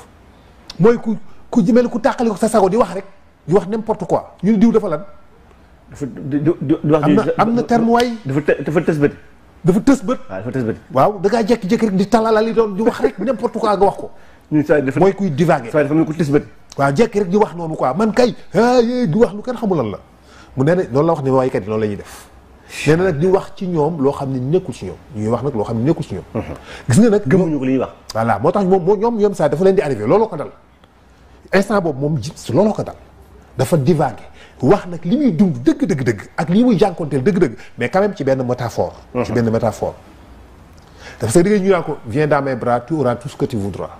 mooy ku ku mel ku tàqali ko sa sago di wax rek di wax n'importe quoi ñu ne diw dafa lan. dafa wax am na am na terme waay. dafa dafa tës bët. dafa tës bët. waaw dafa tës bët. waaw da ngaa jékki-jékki rek di talalal li doon di wax rek n'importe quoi nga wax ko. ñun saa dafa mooy kuy divaguer. saa dafa mel ku tës bët. waaw jékki rek di wax noonu quoi man kay di wax lu kenn xamul lan la mu nee na loolu la wax ne waaykat yi loolu la ñuy def. nee na nag di wax ci ñoom loo xam ne nekkul ci ñoom ñuy wax nag loo xam ne nekkul ci ñoom. gis nga nag gëmuñu ko li ñuy wax. voilà moo tax moom ñoom ñoom saa dafa leen di arrivé looloo ko dal instant boobu moom Jibs looloo ko dal dafa divagué wax nak limuy dund deug deug deug ak limuy muy deug deug mais quand même ci ben métaphore. Uh-huh. ci ben métaphore. dafa sax dëgg ñu ko viens dans mes bras tu auras tout ce que tu voudras.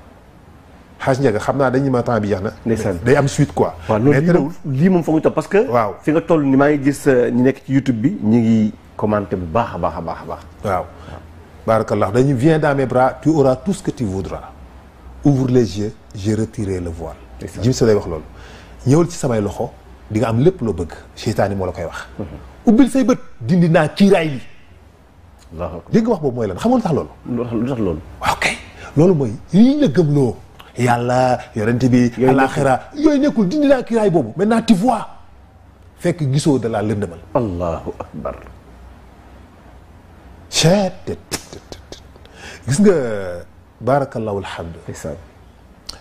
xaaj njëkk xamna dañuy ma temps bi jeex na. day am suite quoi. mais loolu lii moom foog ñu parce que. fi nga toll ni ma ngi gis euh, ñi nek ci YouTube bi ñi ngi commenter bu baax a baax a baax Baraka baax. waaw barakallah dañuy viens dans mes bras tu auras tout ce que tu voudras. ouvre les yeux j'ai retiré le voile. jim so day wax loolu ñëwal ci samay loxo di nga am lépp lo bëgg seytaane mo la koy wax ubbil say bët dindi naa kiiraay li dégg nga wax boobu mooy lan xam nga lu tax loolu lu tax loolu waaw loolu mooy lii la gëmloo yàlla yonent bi alaxira yooyu nekkul dindi naa kiiraay boobu maintenant tu vois fekk gisoo da laa lëndëmal allahu akbar cheet gis nga baarakallahu alhamdu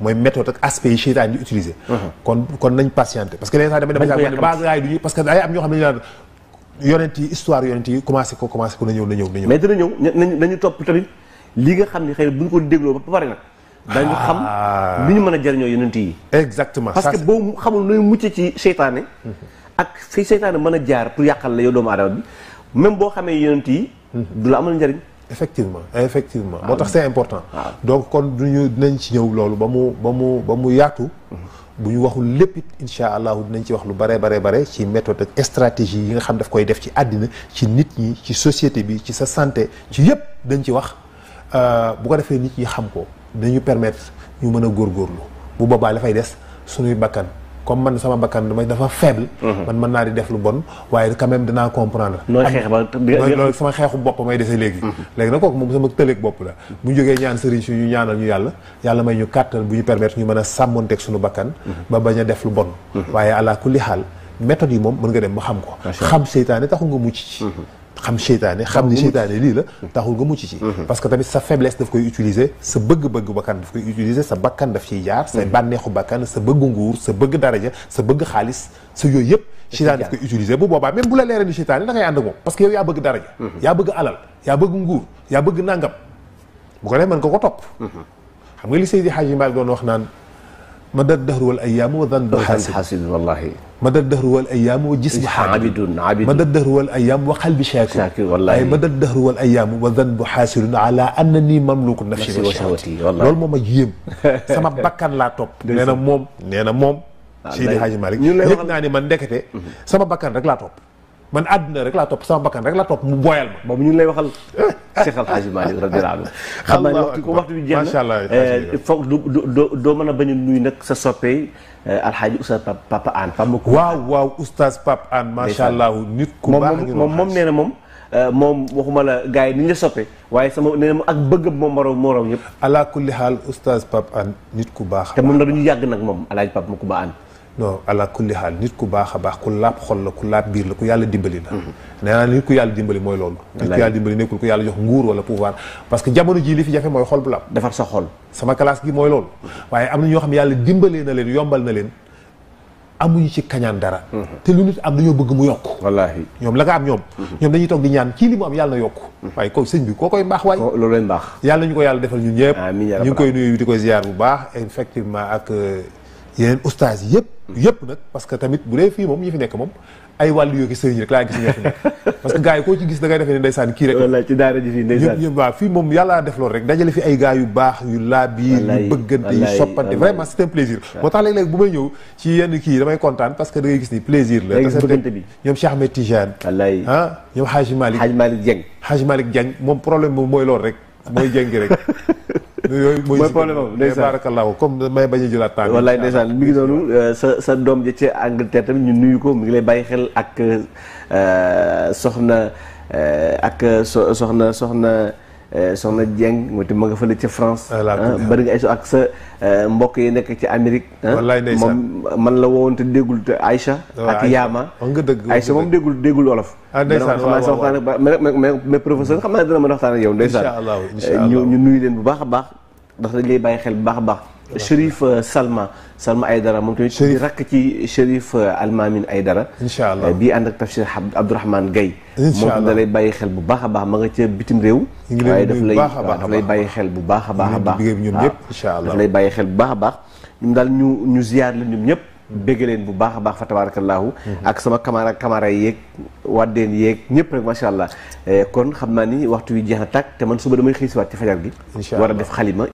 moy méthode ak aspect yi seytaane utiliser. Uh-huh. kon kon nañ patienter parce que léegi sax dama demee base raay du parce que ay am ñoo xam ne ñu naan yonent histoire yonenti commencé ko commencé ko na ñew na ñëw na ñëw mais dina ñew nañ nañu topp tamit li nga xam ne xëy na ko dégloo ba nak nag dañu ah. xam li ñu mëna a jëriñoo yonent yi exactement parce que bo xamul nooy mucc ci seytaane mm-hmm. ak fi seytaane mëna a jaar pour yakal la yow doomu aadama bi même bo xamé yonenti yi mm-hmm. du la amul njëriñ effectivement effectivement ah, c'est important ah. donc quand nous dinañ ci ñew lolu ba mu ba mu ba mu yaatu mm-hmm. bu waxul it inshallah ci wax lu bare stratégie yi nga xam daf koy def ci adina ci nit société bi ci sa santé ci yépp dañ ci wax euh, bu ko nit xam ko dañu permettre ñu gor bu comme man sama bakkan damay dafa faible. Mhm. man mën naa di def lu bon waaye quand même dinaa comprendre. nooy xeex ba loolu sama xeexu bopp may dese léegi. Mhm. léegi nag kooku moom sama tëleeg bopp la. bu ñu jógee ñaan sëriñ si ñu ñaanal ñu yàlla yàlla may ñu kàttan bu ñu permettre ñu mën a sàmmonteeg suñu bakkan. Mhm. ba bañ a def lu bon. waaye ala kulli xaal méthode yi moom mën nga dem ba xam ko. xam seytaane taxu nga mucc ci. xam seytaane xam ni seytaane lii la taxul nga mucc ci mhm. parce que tamit sa faiblesse daf koy utiliser sa bëgg-bëgg bakkan daf koy utiliser sa bakkan daf ciy mhm. bëgg xaalis sa yooyu yëpp seytaane daf koy utiliser bu boobaa même bu la leeree ni seytaane da ngay ànd ak moom parce que yow yaa bëgg daraja mhm. yaa bëgg alal yaa bëgg nguur yaa bëgg nangam bu ko def mën nga ko topp xam nga li Seydi Hadji Malick doon wax naan مدى الدهر والايام وذنب حاسد والله مدى الدهر والايام وجسم عابد عابد مدى الدهر والايام وقلب شاكر شاكر والله اي مدى الدهر والايام وذنب حاسد على انني مملوك نفسي وشهوتي والله لول موم a [LAUGHS] سما بكان لا توب نينا موم نينا موم سيدي حاج مالك Seydi Hadji Malick yëg naa ni man ndekete man àdduna rek laa topp sama bakkan rek laa topp mu boyal ma. boobu ñu ngi lay waxal Cheikh Al Hadj Malick radiyallahu anhu. [LAUGHS] xam naa ne waxtu ko waxtu bi jeex na macha allah eh, foog doo mën a bañ a nuyu nag sa soppeeku eh, Al Hadj Oustaz Papa Anne. waaw waaw Oustaz Papa Anne. macha allah nit ku baax moom moom moom nee na moom. Eh, moom waxuma la gars yi ni ñu la soppe waaye sama nee na ak bëggam moom moroom moroom ñëpp. ala kulli haal Oustaz Papa Anne nit ku baax. te moom nag du ñu yàgg nag moom El Hadj Papa Makumba Anne. non ala kulli nit ku baax a baax ku laab xol la ku laab biir la ku yàlla dimbali la nee naa nit ku yàlla dimbali mooy loolu nit ku yàlla dimbali nekkul ku jox nguur wala pouvoir parce que fi jafe mooy xol bu laab defar sa xol mooy loolu waaye am na ñoo xam ne na leen yombal na leen amuñu ci kañaan dara mhm. te lu nit am dañoo bëgg mu yokk wallaahi ñoom la nga am ñoom mhm. ñoom dañuy toog di ñaan kii li mu am yàlla yokk mhm. waaye ko sëñ bi koo koy baax waay loolu leen baax yàlla ñu ko yàlla defal ñun ñëpp ñu ngi koy nuyu di koy ziar bu baax effectivement ak euh, yeneen oustaz yëpp yëpp nag parce que tamit bu dee fii moom ñi fi nekk moom ay wàll yoo ki sëriñ laa gis ñoo nekk [LAUGHS] parce que gars yi koo ci gis a ngay defee ne ndeysaan kii rek wala ci daara ji fii ndeysaan moom yàlla def loolu rek dajale fi ay gars yu baax yu laabiir yu bëggante yu soppante vraiment c'est un plaisir moo tax léeg-léeg bu may ñëw ci yenn kii damay kontaan parce que da ngay gis ni plaisir la bëggante bi ñoom Cheikh Ahmed Tidiane ah ñoom Haji Malick Haji Malick Dieng moom problème moom mooy loolu mooy jéngi rek. [LAUGHS] yooyu mooy problème am ndeysaan baarakallaahu comme may bañ a jëlaat temps wallaay ngi noonu euh, sa sa doom ji ci Angleterre tamit ñu nuyu ko mu ngi lay bàyyi xel ak euh, soxna euh, ak soxna soxna. Eh, soxna jeng moo itam ma nga fële ca France. Ah, ah, bëri nga ay ak sa eh, mbokk yi nekk ci Amérique. Ah. wallaay ndeysaan moom man la woon te déggul te Aïcha. ak Yaama. wax nga dëgg Aïcha moom déggul déggul olof. ah ndeysaan waaw xam naa sax mais professeur xam naa dina mën a waxtaan ak yow. incha allah incha allah eh, ñu ñu nuyu leen bu baax a baax ndax dañ lay bàyyi xel bu baax a baax. Chérif Salma Salma Aydara moom tamit. Chérif rakk ci Chérif Almamin Aydara. incha allah bii ànd ak tafsir Abdourahmane Gaye incha allah moom da lay bàyyi xel bu baax a baax ma nga ca bitim réew. waaye daf lay daf lay bàyyi xel bu baax a baax a baax. ñun ñëpp incha allah daf lay bàyyi xel bu baax a baax. ñun daal ñu ñu ziar la ñun ñëpp. bégg leen bu baax a baax fa tabarakallahu ak sama kamara kamara yeeg waddeen yeeg ñëpp rek macha allah kon xam naa ni waxtu wi jeex na tàkk te man suba damay xiisiwaat ci fajar gi. war a def xalima